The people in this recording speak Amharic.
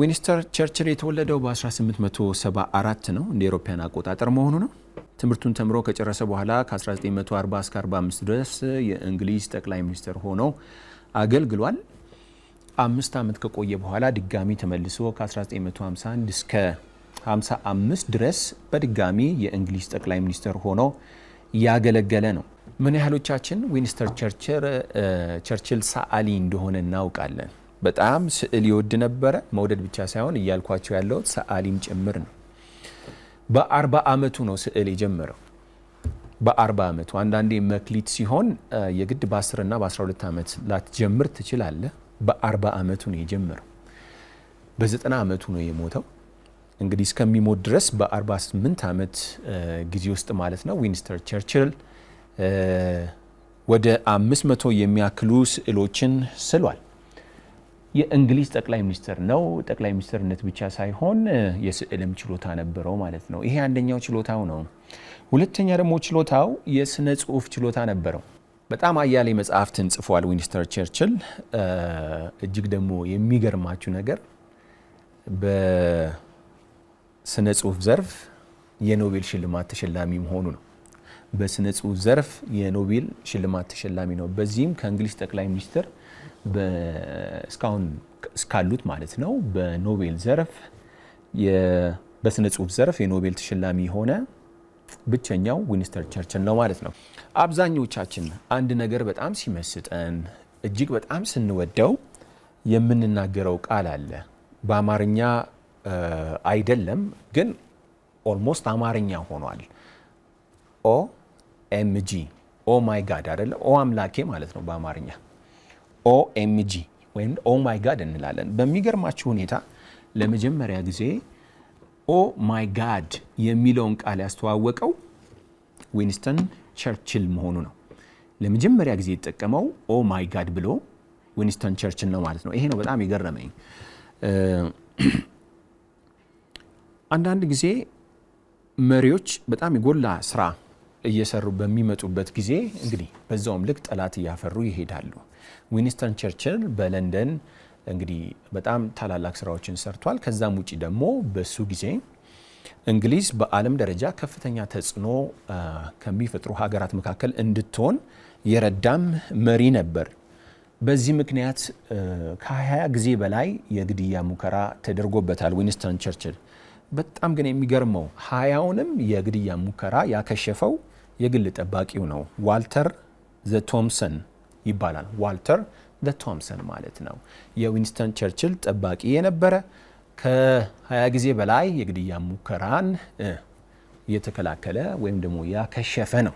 ዊኒስተር ቸርችል የተወለደው በ1874 ነው እንደ ኤሮፓያን አቆጣጠር መሆኑ ነው። ትምህርቱን ተምሮ ከጨረሰ በኋላ ከ1940 እስከ 45 ድረስ የእንግሊዝ ጠቅላይ ሚኒስትር ሆነው አገልግሏል። አምስት ዓመት ከቆየ በኋላ ድጋሚ ተመልሶ ከ1951 እስከ 55 ድረስ በድጋሚ የእንግሊዝ ጠቅላይ ሚኒስትር ሆኖ ያገለገለ ነው። ምን ያህሎቻችን ዊኒስተር ቸርችል ሰዓሊ እንደሆነ እናውቃለን? በጣም ስዕል ይወድ ነበረ። መውደድ ብቻ ሳይሆን እያልኳቸው ያለሁት ሰዓሊም ጭምር ነው። በአርባ ዓመቱ ነው ስዕል የጀመረው። በአርባ ዓመቱ አንዳንዴ መክሊት ሲሆን የግድ በአስርና በአስራ ሁለት ዓመት ላትጀምር ትችላለህ። በአርባ ዓመቱ ነው የጀመረው። በዘጠና ዓመቱ ነው የሞተው። እንግዲህ እስከሚሞት ድረስ በ48 ዓመት ጊዜ ውስጥ ማለት ነው ዊንስተር ቸርችል ወደ 500 የሚያክሉ ስዕሎችን ስሏል። የእንግሊዝ ጠቅላይ ሚኒስትር ነው። ጠቅላይ ሚኒስትርነት ብቻ ሳይሆን የስዕልም ችሎታ ነበረው ማለት ነው። ይሄ አንደኛው ችሎታው ነው። ሁለተኛ ደግሞ ችሎታው የስነ ጽሁፍ ችሎታ ነበረው። በጣም አያሌ መጽሐፍትን ጽፏል ዊንስተር ቸርችል። እጅግ ደግሞ የሚገርማችሁ ነገር በስነ ጽሁፍ ዘርፍ የኖቤል ሽልማት ተሸላሚ መሆኑ ነው። በስነ ጽሁፍ ዘርፍ የኖቤል ሽልማት ተሸላሚ ነው። በዚህም ከእንግሊዝ ጠቅላይ ሚኒስትር እስካሁን እስካሉት ማለት ነው በኖቤል ዘርፍ በስነ ጽሁፍ ዘርፍ የኖቤል ተሸላሚ የሆነ ብቸኛው ዊንስተን ቸርችል ነው ማለት ነው። አብዛኞቻችን አንድ ነገር በጣም ሲመስጠን እጅግ በጣም ስንወደው የምንናገረው ቃል አለ። በአማርኛ አይደለም ግን ኦልሞስት አማርኛ ሆኗል። ኦ ኤምጂ ኦ ማይ ጋድ አይደለም። ኦ አምላኬ ማለት ነው በአማርኛ ኦ ኤምጂ ወይም ኦ ማይ ጋድ እንላለን። በሚገርማችሁ ሁኔታ ለመጀመሪያ ጊዜ ኦ ማይ ጋድ የሚለውን ቃል ያስተዋወቀው ዊንስተን ቸርችል መሆኑ ነው። ለመጀመሪያ ጊዜ የተጠቀመው ኦ ማይ ጋድ ብሎ ዊንስተን ቸርችል ነው ማለት ነው። ይሄ ነው በጣም የገረመኝ። አንዳንድ ጊዜ መሪዎች በጣም የጎላ ስራ እየሰሩ በሚመጡበት ጊዜ እንግዲህ በዛውም ልክ ጠላት እያፈሩ ይሄዳሉ። ዊንስተን ቸርችል በለንደን እንግዲህ በጣም ታላላቅ ስራዎችን ሰርቷል። ከዛም ውጪ ደግሞ በሱ ጊዜ እንግሊዝ በዓለም ደረጃ ከፍተኛ ተጽዕኖ ከሚፈጥሩ ሀገራት መካከል እንድትሆን የረዳም መሪ ነበር። በዚህ ምክንያት ከ20 ጊዜ በላይ የግድያ ሙከራ ተደርጎበታል ዊንስተን ቸርችል። በጣም ግን የሚገርመው ሀያውንም የግድያ ሙከራ ያከሸፈው የግል ጠባቂው ነው። ዋልተር ዘ ቶምሰን ይባላል። ዋልተር ዘ ቶምሰን ማለት ነው። የዊንስተን ቸርችል ጠባቂ የነበረ ከ20 ጊዜ በላይ የግድያ ሙከራን የተከላከለ ወይም ደግሞ ያከሸፈ ነው።